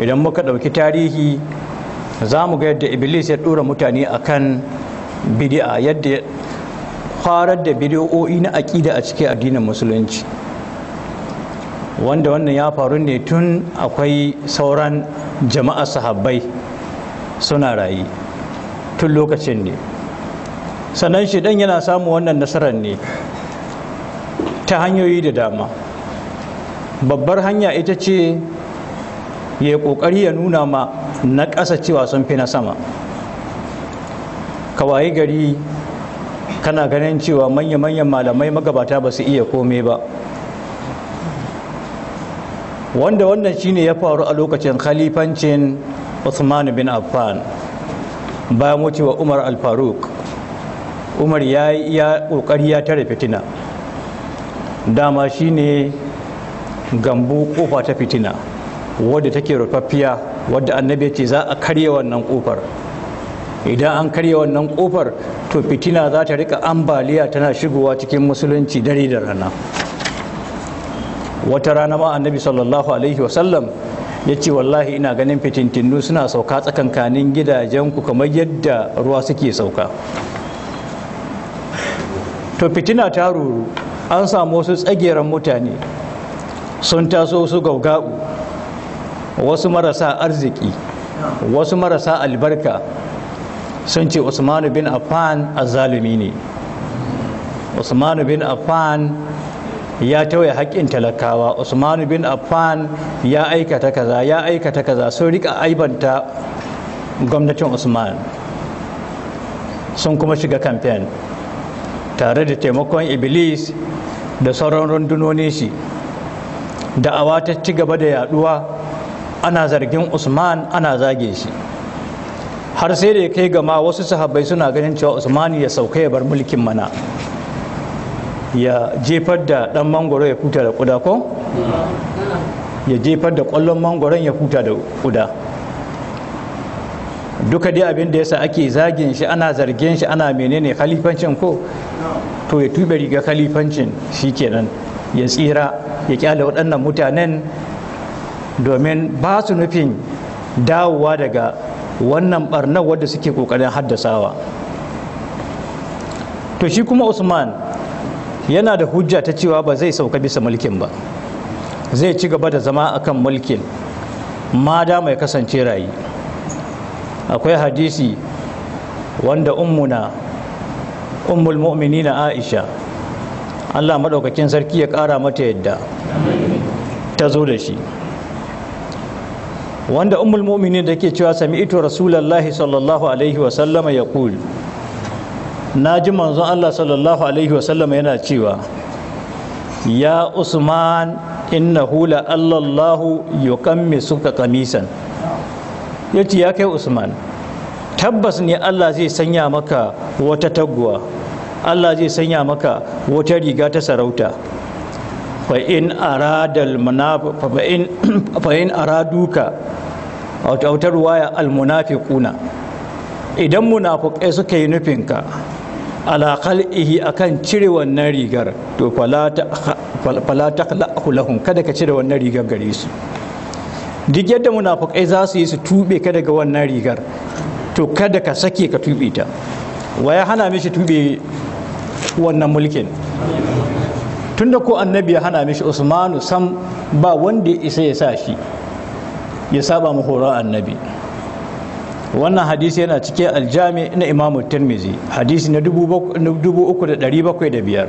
idan muka ɗauki tarihi za mu ga yadda iblis ya ɗora mutane a kan bidi'a yadda ya kwarar da bidi'o'i na aƙida a cikin addinin musulunci wanda wannan ya faru ne tun akwai sauran jama'a sahabbai suna rayu tun lokacin ne sannan shidan yana samu wannan nasarar ne ta hanyoyi da dama babbar hanya ita ce ya kokari ya nuna ma na ƙasa cewa sun fi na sama kawai gari kana ganin cewa manya-manyan malamai magabata ba su iya kome ba wanda wannan shine ya faru a lokacin khalifancin Uthman bin Affan bayan wucewa Umar al-Faruq Umar ya yi iya kokari ya tare fitina dama shine gambu kofa ta fitina wadda take rufaffiya wadda annabi ce za a karye wannan kofar idan an karye wannan kofar to fitina za ta rika ambaliya tana shigowa cikin musulunci dare da rana wata rana ma annabi sallallahu alaihi wasallam ya ce wallahi ina ganin fitintinu suna sauka tsakankanin gidajenku kamar yadda ruwa suke sauka to fitina ta ruru an samu wasu tsageren mutane sun taso su gauga'u wasu marasa arziki wasu marasa albarka sun ce usmanu bin affan azzalumi ne usmanu bin Afan ya tawaye haƙƙin talakawa usmanu bin Afan ya aikata kaza ya aikata kaza sun rika aibanta gwamnatin usman sun kuma shiga kamfen tare da taimakon iblis da sauran rundunonin shi da'awa ta ci gaba da yaduwa ana zargin usman ana zage shi har sai da ya kai gama wasu sahabbai suna ganin cewa usman ya sauka ya bar mulkin mana ya jefar da dan mangoro ya futa da kuda ko ya jefar da kwallon mangoron ya futa da kuda duka dai abin da yasa ake zagin shi ana zargin shi ana menene khalifancin ko to ya tube riga khalifancin shikenan ya tsira ya kyale waɗannan mutanen domin ba su nufin dawowa daga wannan barnar wadda suke kokarin haddasawa to shi kuma usman yana da hujja ta cewa ba zai sauka bisa mulkin ba zai ci gaba da zama akan mulkin mada mai kasance rayu akwai hadisi wanda ummuna ummul na aisha Allah maɗaukakin sarki ya ƙara mata yadda ta zo da shi wanda ummul mu'minin da ke cewa ito rasulallah sallallahu alaihi wa ya kuli na ji manzon Allah sallallahu alaihi wa yana cewa ya usman inna hula allallahu kamisan ya yace ya kai usman tabbas ne Allah zai sanya maka wata taguwa Allah zai sanya maka wata riga ta sarauta fa'in aradal fa'in araduka a tautar waya kuna, idan munafukai suka yi nufinka alaƙal ihi akan cire wannan rigar to fala ta kada ka cire wannan rigar gare su duk yadda munafukai za su yi su tube ka daga wannan rigar to kada ka sake ka tube ta waya hana mishi tube wannan mulkin tunda ko annabi ya hana mishi usmanu sam ba wanda isa ya sa shi ya saba mu annabi wannan hadisi yana cikin aljami na imamu tirmizi hadisi na 3705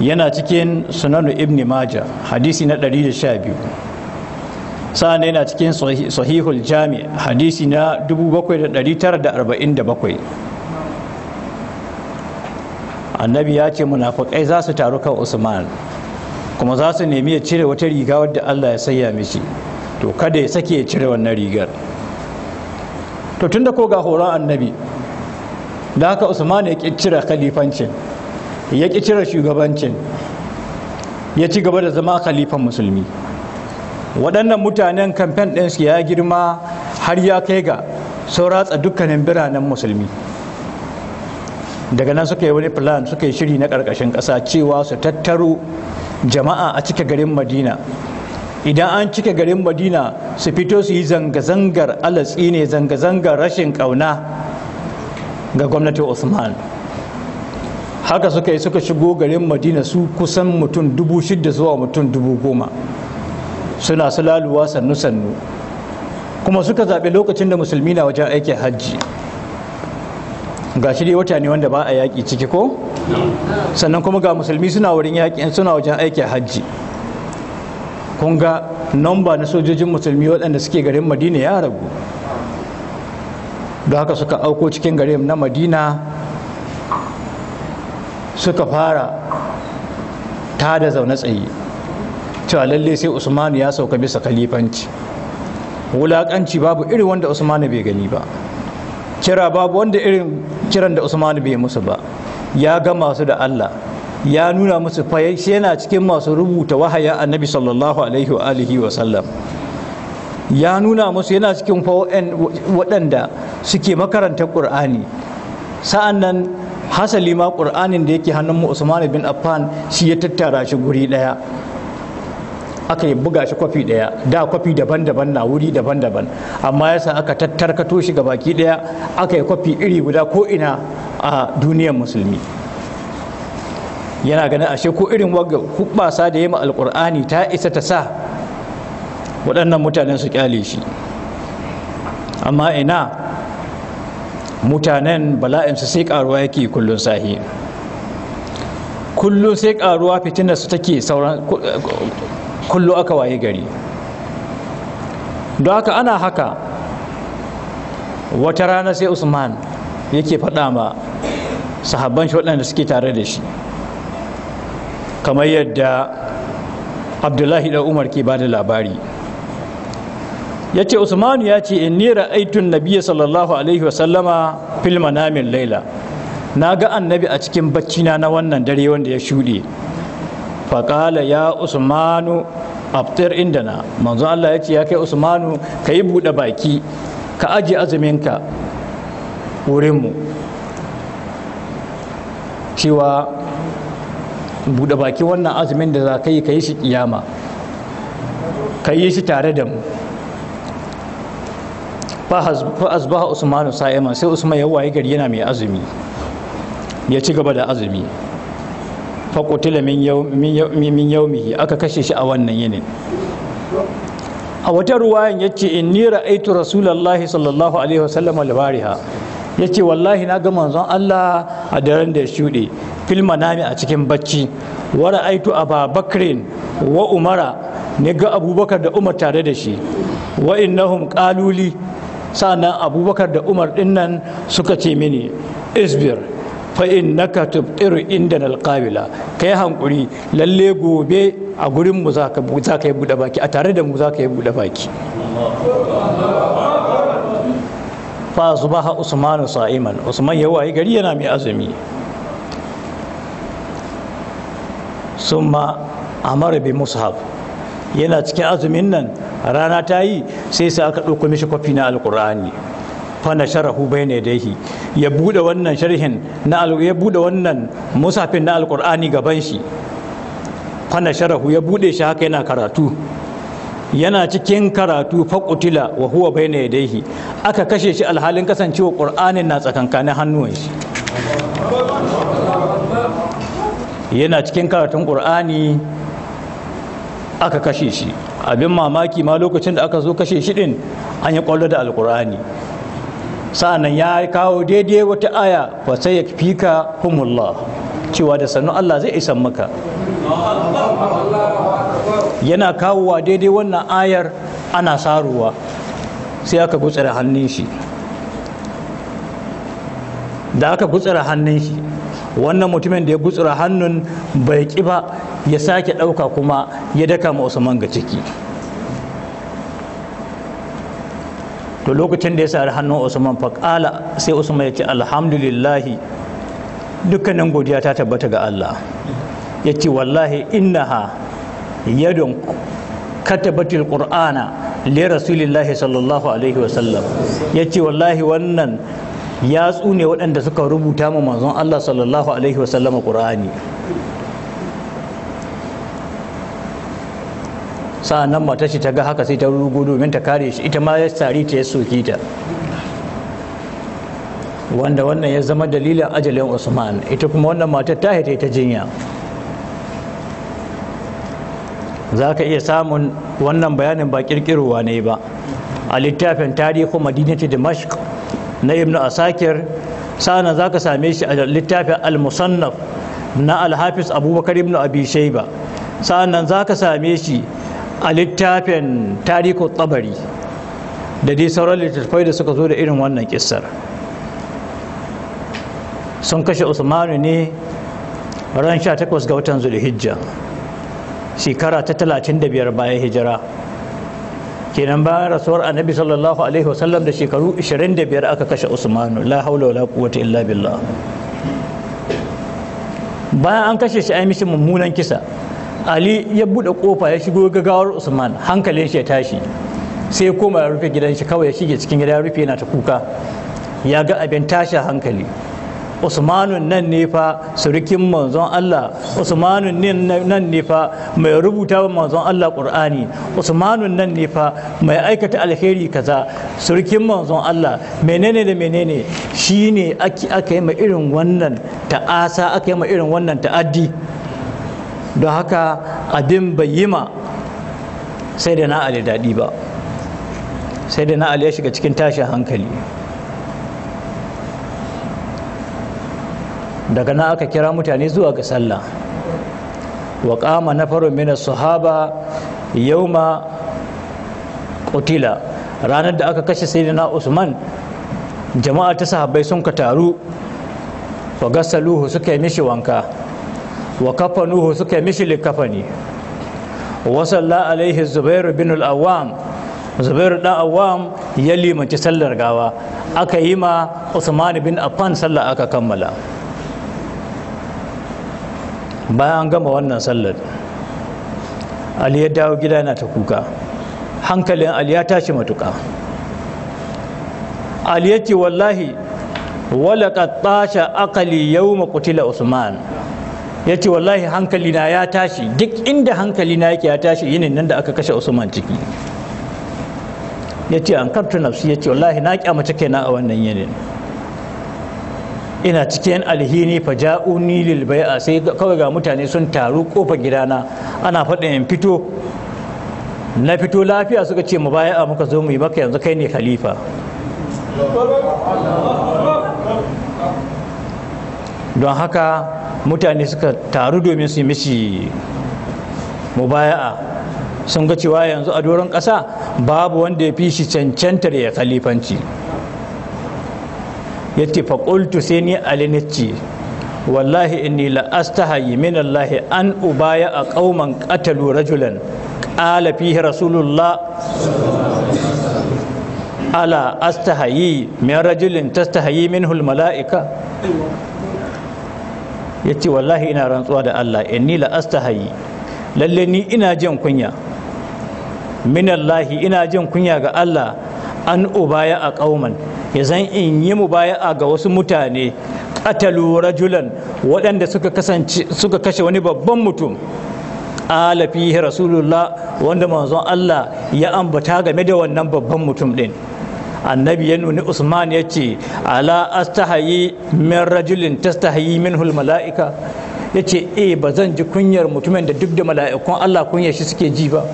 yana cikin sunanu ibn maja hadisi na 112 sa'an yana cikin sahihul jami hadisi na 7947 annabi ya ce munafukai za su taru kan usman kuma za su nemi ya cire wata riga wadda allah ya sayya mishi to kada ya sake ya cire wannan rigar to tun da ko ga horon annabi da haka usman ya ƙi cire khalifancin ya cire shugabancin ya ci gaba da zama khalifan musulmi waɗannan mutanen kamfen ɗinsu ya girma har ya kai ga sau ratsa dukkanin biranen musulmi daga nan suka yi wani plan suka yi shiri na ƙarƙashin ƙasa cewa su tattaro jama'a a cike garin madina idan an cike garin madina su fito su yi zanga-zangar alatsi ne zanga-zangar rashin ƙauna ga gwamnatin Usman. haka suka yi suka shigo garin madina su kusan mutum dubu shida zuwa mutum dubu goma suna sulaluwa sannu-sannu kuma suka zaɓi lokacin da musulmi na wajen aikin hajji ga shi dai wata ne wanda ba a yaƙi ciki ko sannan kuma ga musulmi suna wurin yaƙi suna wajen aikin hajji kun ga namba na sojojin musulmi waɗanda suke garin madina ya ragu da haka suka auko cikin garin na madina suka fara ta da zaune tsaye cewa lalle sai usmanu ya sauka bisa kalifanci wulaƙanci babu irin wanda usmanu bai gani ba kira babu wanda irin kiran da usman bai musu ba ya ga masu da allah ya nuna musu fayashi yana cikin masu rubuta wahaya annabi sallallahu alaihi wa alihi wa sallam ya nuna musu yana cikin waɗanda suke makaranta ƙur'ani sa'annan hasali ma ƙur'anin da yake hannun mu usman bin affan shi ya tattara shi guri ɗaya aka yi buga shi kwafi daya da kwafi daban-daban na wuri daban-daban amma yasa aka tattarkato shi ga baki daya aka yi kwafi iri guda ko ina a duniyar musulmi yana ganin ashe ko irin wagga hubbasa da ya ma alkur'ani ta isa ta sa waɗannan mutanen su kyale shi amma ina mutanen bala'insu sai karuwa yake kullun sahi kullun sai karuwa su take sauran kullum aka waye gari don haka ana haka wata rana sai usman yake faɗa ma sahabban shi waɗanda suke tare da shi kamar yadda abdullahi da umar ke ba da labari ya ce usmanu ya ce in nera aitun nabiya sallallahu alaihi wasallama filma namin laila na ga annabi a cikin baccina na wannan dare wanda ya shuɗe faƙala ya usmanu inda indana manzo Allah ya ce ya kai usmanu ka yi buɗe baki ka aje azuminka wurinmu cewa buɗe baki wannan azumin da za ka yi ka yi shi ƙiyama, ka yi shi tare da mu fa asbaha usmanu sa'iman sai usman ya waye gari yana mai azumi ya ci gaba da azumi faƙutila min yaumihi aka kashe shi a wannan yinin a wata ruwayan ya ce in ni ra'aitu rasulallah sallallahu alaihi wasallam albariha ya ce wallahi na ga manzon Allah a daren da ya shuɗe Filma manami a cikin bacci wa ra'aitu ababakrin wa umara ne ga abubakar da umar tare da shi wa innahum qaluli sannan abubakar da umar dinnan suka ce mini isbir fa ka tubtiru inda na alƙabila, ka yi hankuri lalle gobe a gurin mu za ka yi baki a tare da mu ka yi baki fa ha usmanu sa'iman usman ya wayi gari yana mai azumi summa amara bi mushaf yana cikin azumin nan rana ta yi sai sai aka ɗauko mishi kwafi na Alƙur'ani. fana sharahu da yadayhi ya bude wannan sharhin na ya bude wannan musafin na alqur'ani gaban shi fana sharahu ya bude shi haka yana karatu yana cikin karatu faqutila wa huwa da yadayhi aka kashe shi alhalin kasancewa qur'anin na tsakankanin hannuwan shi yana cikin karatun qur'ani aka kashe shi abin mamaki ma lokacin da aka zo kashe shi din an yi kwallo da alkur'ani sa'annan ya kawo daidai wata aya fa sai ya fika humullah cewa da sannu Allah zai isan maka yana kawowa daidai wannan ayar ana saruwa sai aka gutsara hannun shi da aka gutsara hannun shi wannan mutumin da ya gutsura hannun bai ƙi ba ya sake ɗauka kuma ya daka ma usman ga ciki to lokacin da ya sari hannun usman faƙala sai usman ya ce alhamdulillahi dukkanin godiya ta tabbata ga allah ya ce wallahi innaha yadon katabatul qur'ana le rasulillahi sallallahu alaihi wasallam ya ce wallahi wannan yatsu ne waɗanda suka rubuta ma manzon allah sallallahu alaihi wasallam qur'ani sa'annan matar shi ta ga haka sai ta rugu domin ta kare shi ita ma ya tsari ta ya soki ta wanda wannan ya zama dalilin ajalin usman ita kuma wannan matar ta haita ta jinya za ka iya samun wannan bayanin ba kirkirowa ne ba a littafin tarihi madinati dimashq na ibnu asakir sa'ana za ka same shi a littafin al-musannaf na Alhafis abubakar ibnu abi shaiba sa'annan za ka same shi a littafin tariku tsabari, da dai sauran littattafai da suka zo da irin wannan kissar sun kashe usmanu ne ran 18 ga watan zulhijja shekara ta 35 bayan hijira kenan bayan rasuwar annabi sallallahu alaihi wasallam da shekaru 25 aka kashe usmanu la haula wala quwwata illa billah bayan an kashe shi ai mishi mummunan kisa ali ya buɗe ƙofa ya shigo gagawar usman hankalin shi ya tashi sai ya koma ya rufe gidan shi kawai ya shige cikin gida ya rufe yana ta kuka ya ga abin tashi hankali usmanun nan ne fa surukin manzon Allah usmanun nan ne fa mai rubuta wa manzon Allah Qur'ani usmanun nan ne fa mai aikata alheri kaza surukin manzon Allah menene da menene shine aka yi ma irin wannan ta'asa aka yi ma irin wannan ta'addi don haka abin bai yi ma sai da na ali daɗi ba sai da na ali ya shiga cikin tashin hankali daga na aka kira mutane zuwa ga sallah wa ƙama na farin mina sahaba yau ma ƙutila ranar da aka kashe sai na usman jama'a ta sahabbai sun ka taru wa gasaluhu suka yi mishi wanka wa kafanuhu suka mishi likafani wa salla alaihi zubair bin al-awwam zubair dan awwam ya limanci sallar gawa aka yi ma usman bin affan sallar aka kammala bayan gama wannan sallar ali ya dawo gida yana ta kuka hankalin ali ya tashi matuka ali ya ce wallahi wala tasha akali yau qutila usman ya ce wallahi hankalina ya tashi duk inda hankalina yake ya tashi yinin nan da aka kashe usman ciki ya ce an kartu nafsi ya ce wallahi na kyamace kaina a wannan yinin ina cikin alhini fa ja'uni lil bai'a sai kawai ga mutane sun taru kofa gidana ana faɗin in fito na fito lafiya suka ce mu baya muka zo mu yi maka yanzu kai ne khalifa don haka mutane suka taru domin su yi mishi mubaya'a sun ga cewa yanzu a doron ƙasa babu wanda ya fi shi cancantar ya khalifanci ya tafa ƙultu sai ni alinacci wallahi inni la'astahayi min Allahi an ubaya a ƙauman ƙatalu rajulan ƙala fihi rasulullah ala astahayi min rajulin tastahayi min mala'ika ya ce wallahi ina rantsuwa da Allah inni la astahayi lalle ni ina jin kunya minallahi ina jin kunya ga Allah an ubaya a ƙauman ya zan in yi mu baya a ga wasu mutane ƙatalu rajulan waɗanda suka kashe wani babban mutum alafihi rasulullah wanda manzon Allah ya ambata game da wannan babban mutum ɗin annabi ya nuni usman ya ce ala astahayi min rajulin tastahayi minhul mala'ika ya ce e ba zan ji kunyar mutumin da duk da mala'ikun allah kunyar shi suke ji ba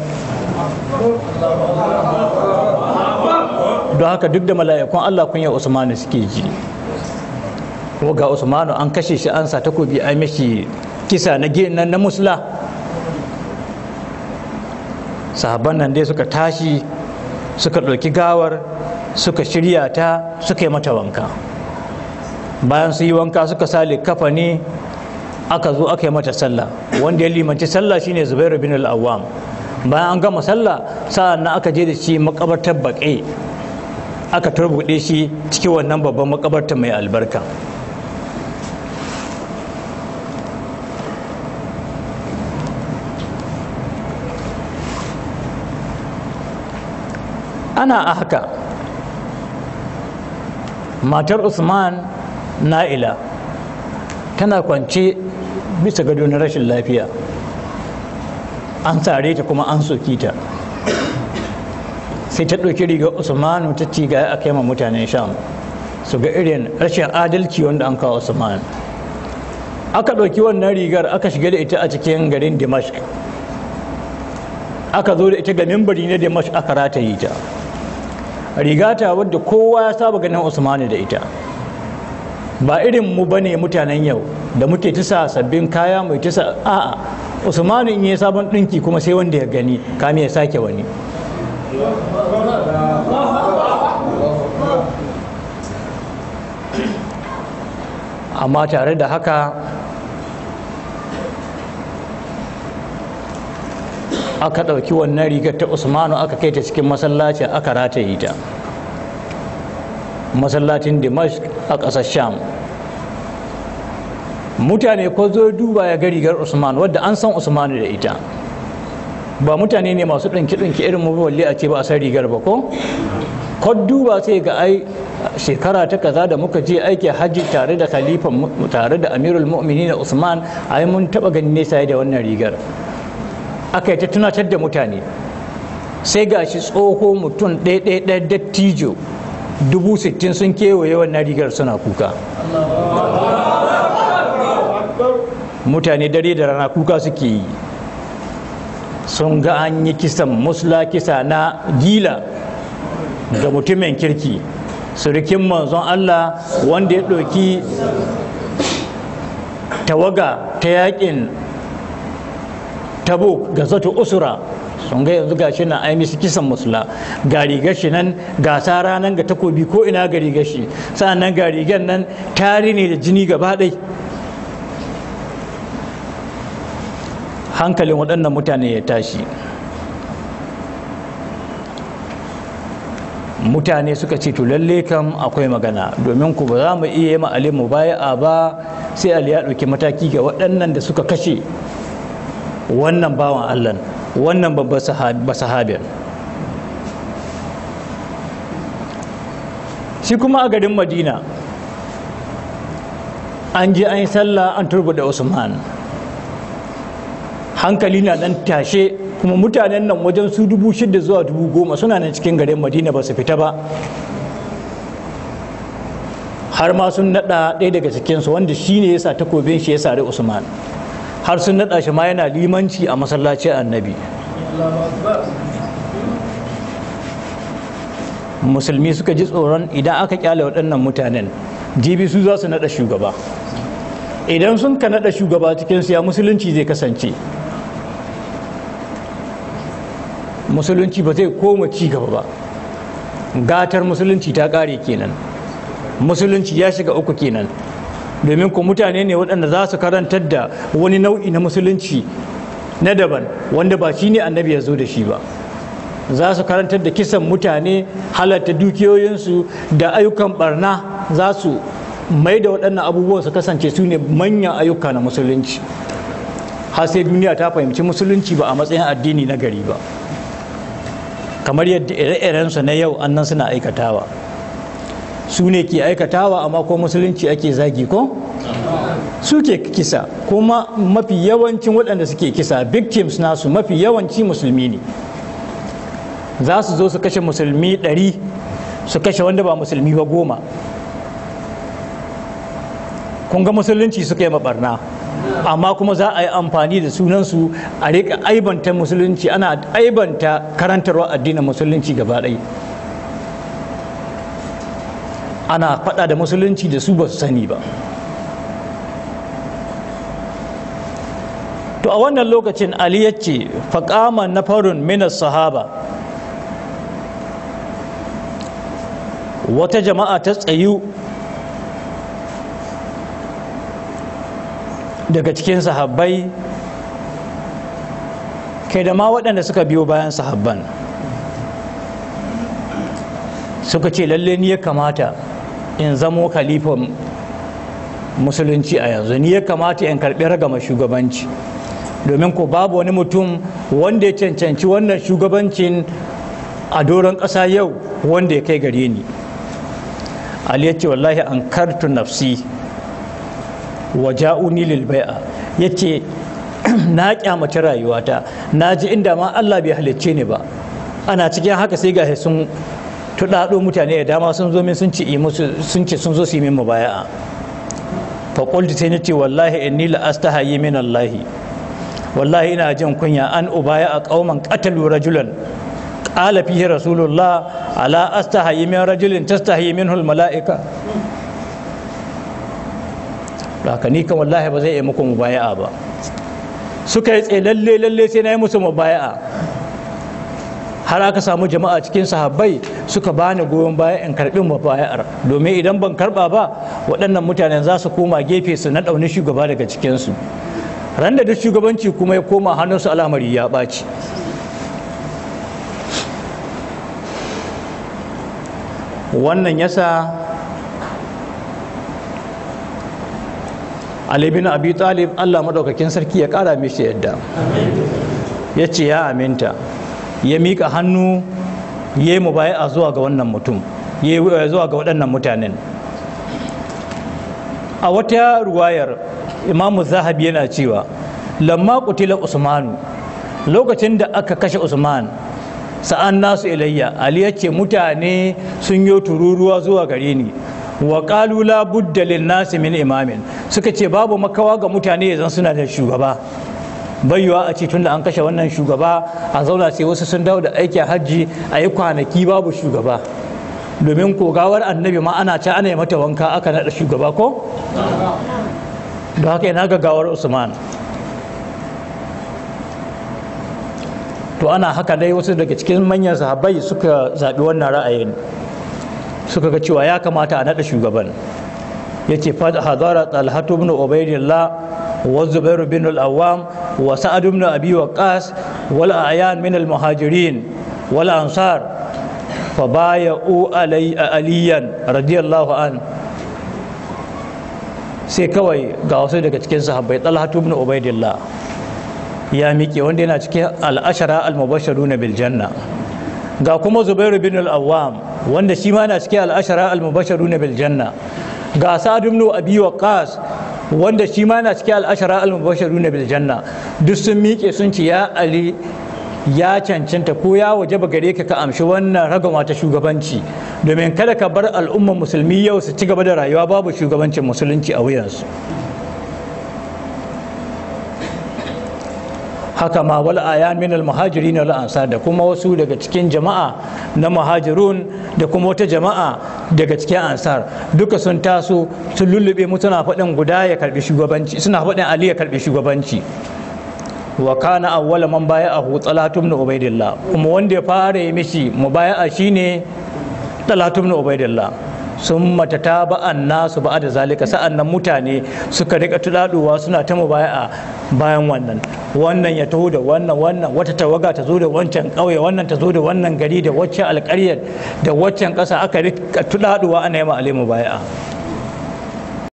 don haka duk da mala'ikun allah kunyar usman suke ji ko ga usmanu an kashe shi an sa takobi a mishi kisa na nan na musla sahabban nan dai suka tashi suka ɗauki gawar suka shirya ta suka yi mata wanka bayan su yi wanka suka sale kafa ne aka zo aka yi mata sallah wanda ya limanci sallah shine zubair bin al-awwam bayan an gama sallah sa'an aka je da shi makabartar baƙe aka turbuɗe shi cikin wannan babban makabartar mai albarka ana a haka matar usman na'ila tana kwance bisa gado na rashin lafiya an tsare ta kuma an soki ta sai ta ɗauki rigar Usman ta ci ga a kai ma mutanen sham su ga irin rashin adalci wanda an kawo usman aka ɗauki wannan rigar aka shiga da ita a cikin garin dimashq aka zo da ita ga mimbari na dimashq aka yi ta rigata wadda kowa ya saba ganin usmani da ita ba irin mu bane mutanen yau da muke tisa sabbin kaya mai tisa a'a usmanu in yi sabon ɗinki kuma sai wanda ya gani kame ya sake wani amma tare da haka aka ɗauki wannan rigar ta usmanu aka kai ta cikin masallacin aka rataye ta masallacin dimashq a ƙasar sham mutane ko zo duba ya ga rigar usman wadda an san usmanu da ita ba mutane ne masu ɗinki-ɗinki irin maballe a ce ba a san rigar ba ko ko duba sai ga ai shekara ta kaza da muka je aiki hajji tare da khalifan tare da amirul mu'minin usman ai mun taba ganin nesa da wannan rigar aka yi ta tunatar da mutane sai gashi tsoho mutum ɗaiɗaiɗar dattijo dubu sittin sun kewaye wannan rigar suna kuka mutane dare da rana kuka suke yi sun ga an yi kisan musla kisa na gila ga mutumin kirki surikin manzon Allah wanda ya ɗauki tawaga ta yakin tabo ga zato usura sun ga yanzu gashi na ai misu kisan musula ga gashi nan ga sara nan ga takobi ko ina ga rigar shi sa'annan ga rigar nan tari ne da jini gaba ɗai hankalin waɗannan mutane ya tashi mutane suka ce to lalle kam akwai magana domin ku ba za mu iya yi mu baya a ba sai ali ya ɗauki mataki ga waɗannan da suka kashe wannan bawan allah wannan babban sahabiyar shi kuma a garin madina an je an yi sallah an da usman hankali na dan tashe kuma mutanen nan wajen su dubu shida zuwa dubu goma suna nan cikin garin madina ba su fita ba har ma sun naɗa ɗaya daga cikinsu wanda shi ne ya sa takobin shi ya sari usman har sun naɗa shi ma yana limanci a masallacin annabi musulmi suka ji tsoron idan aka kyale waɗannan mutanen jibi su za su naɗa shugaba idan sun ka naɗa shugaba cikin siya musulunci zai kasance musulunci ba zai koma ci gaba ba gatar musulunci ta ƙare kenan musulunci ya shiga uku kenan domin ku mutane ne waɗanda za su karantar da wani nau'i na musulunci na daban wanda ba shi ne annabi ya zo da shi ba za su karantar da kisan mutane halatta dukiyoyinsu da ayyukan barna za su mai da waɗannan abubuwan su kasance su ne manyan ayyuka na musulunci har sai duniya ta fahimci musulunci ba a matsayin addini na gari ba kamar yadda ire-irensu na yau annan suna aikatawa su ne ke aikatawa amma ko musulunci ake zagi ko suke kisa kuma mafi yawancin waɗanda suke kisa victims nasu mafi yawanci musulmi ne za su zo su kashe musulmi ɗari su kashe wanda ba musulmi ba goma kun ga musulunci suka yi maɓarna amma kuma za a yi amfani da sunansu a riƙa aibanta musulunci ana aibanta karantarwa addinin musulunci gaba ɗaya ana faɗa da musulunci da su ba su sani ba to a wannan lokacin ali ya ce faƙama na farin minas sahaba wata jama'a ta tsayu daga cikin sahabbai kai da ma waɗanda suka biyo bayan sahabban suka ce lalle ni ya kamata in zamo kalifan musulunci a yanzu ni ya kamata in karɓi ragama shugabanci domin ko babu wani mutum wanda ya cancanci wannan shugabancin a doron ƙasa yau wanda ya kai gare ni ali ya ce wallahi an kartu nafsi wa ja'uni lil bai'a ya ce na kyamaci rayuwata na ji inda ma allah bai halicce ni ba ana cikin haka sai ga sun tuɗaɗo mutane da dama sun zo min sun ci sun ce sun zo su yi min mubaya'a fa qulti sai nace wallahi inni la astahayi min Allah wallahi ina jin kunya an ubaya a qauman qatalu rajulan qala fihi rasulullah ala astahayi min rajulin tastahayi minhu al malaika haka ni kan wallahi ba zai yi muku mubaya'a ba suka yi tsaye lalle lalle sai na yi musu mubaya'a har aka samu jama'a cikin sahabbai suka bani goyon baya in karbi bayar domin idan ban karba ba waɗannan mutanen za su koma gefe su na ɗauni shugaba daga cikinsu ran da duk shugabanci kuma ya koma hannunsu al'amari ya ɓaci wannan yasa Ali bin Abi Talib Allah madaukakin sarki ya kara mishi yadda ya ce ya aminta ya mika hannu ya yi mubaya zuwa ga wannan mutum ya eh, zuwa ga waɗannan mutanen a wata ruwayar imamu zahabi yana cewa lamma kutila usmanu lokacin da aka kashe usman sa'an nasu ilayya ali ya ce mutane sun yi tururuwa zuwa gare ni wa kalula budda lin min imamin suka ce babu makawa ga mutane yanzu suna da shugaba baiwa a ce da an kashe wannan shugaba a zauna sai wasu sun dawo da aiki a hajji a yi kwanaki babu shugaba domin kogawar annabi ma ana ce ana yi mata wanka aka naɗa shugaba ko da haka yana gawar usman to ana haka dai wasu daga cikin manyan sahabbai suka zaɓi wannan ra'ayin suka ga cewa ya kamata a naɗa shugaban ya ce hadara talhatu ibn la. والزبير بن الأوام وسعد بن أبي وقاص والأعيان من المهاجرين والأنصار فبايعوا علي عليا رضي الله عنه sai kawai ga wasu daga cikin sahabbai talhatu ibn ubaidillah ya miƙe wanda yana cikin al'ashara al-mubashsharuna bil janna ga kuma zubairu bin al-awwam wanda shi ma yana cikin al'ashara al-mubashsharuna bil janna ga sa'ad ibn abi waqas wanda shi ma yana cikin al'ashara al-mubashiru na biljanna duk sun miƙe sun ya ali ya cancanta ko ya waje ba gare ka ka amshi wannan ragama ta shugabanci domin kada ka bar al'ummar musulmi yau su ci gaba da rayuwa babu shugabancin musulunci a wuyansu haka ma wal min al muhajirin wal ansar da kuma wasu daga cikin jama'a na muhajirun da kuma wata jama'a daga cikin ansar duka sun taso sun lullube mu suna faɗin guda ya karbi shugabanci suna faɗin ali ya karbi shugabanci wa kana awwala man baya'ahu talatu ibn ubaidillah kuma wanda ya fara yi mishi mubaya shine talatu ibn ubaidillah sun matata ba'an nasu ba'a da zalika sa'an nan mutane suka rika tudaduwa suna ta mubaya'a bayan wannan wannan ya taho da wannan wannan wata tawaga ta zo da wancan ƙauye wannan ta zo da wannan gari da waccan alƙaryar da waccan ƙasa aka rika tudaduwa ana yi ma alai mubaya'a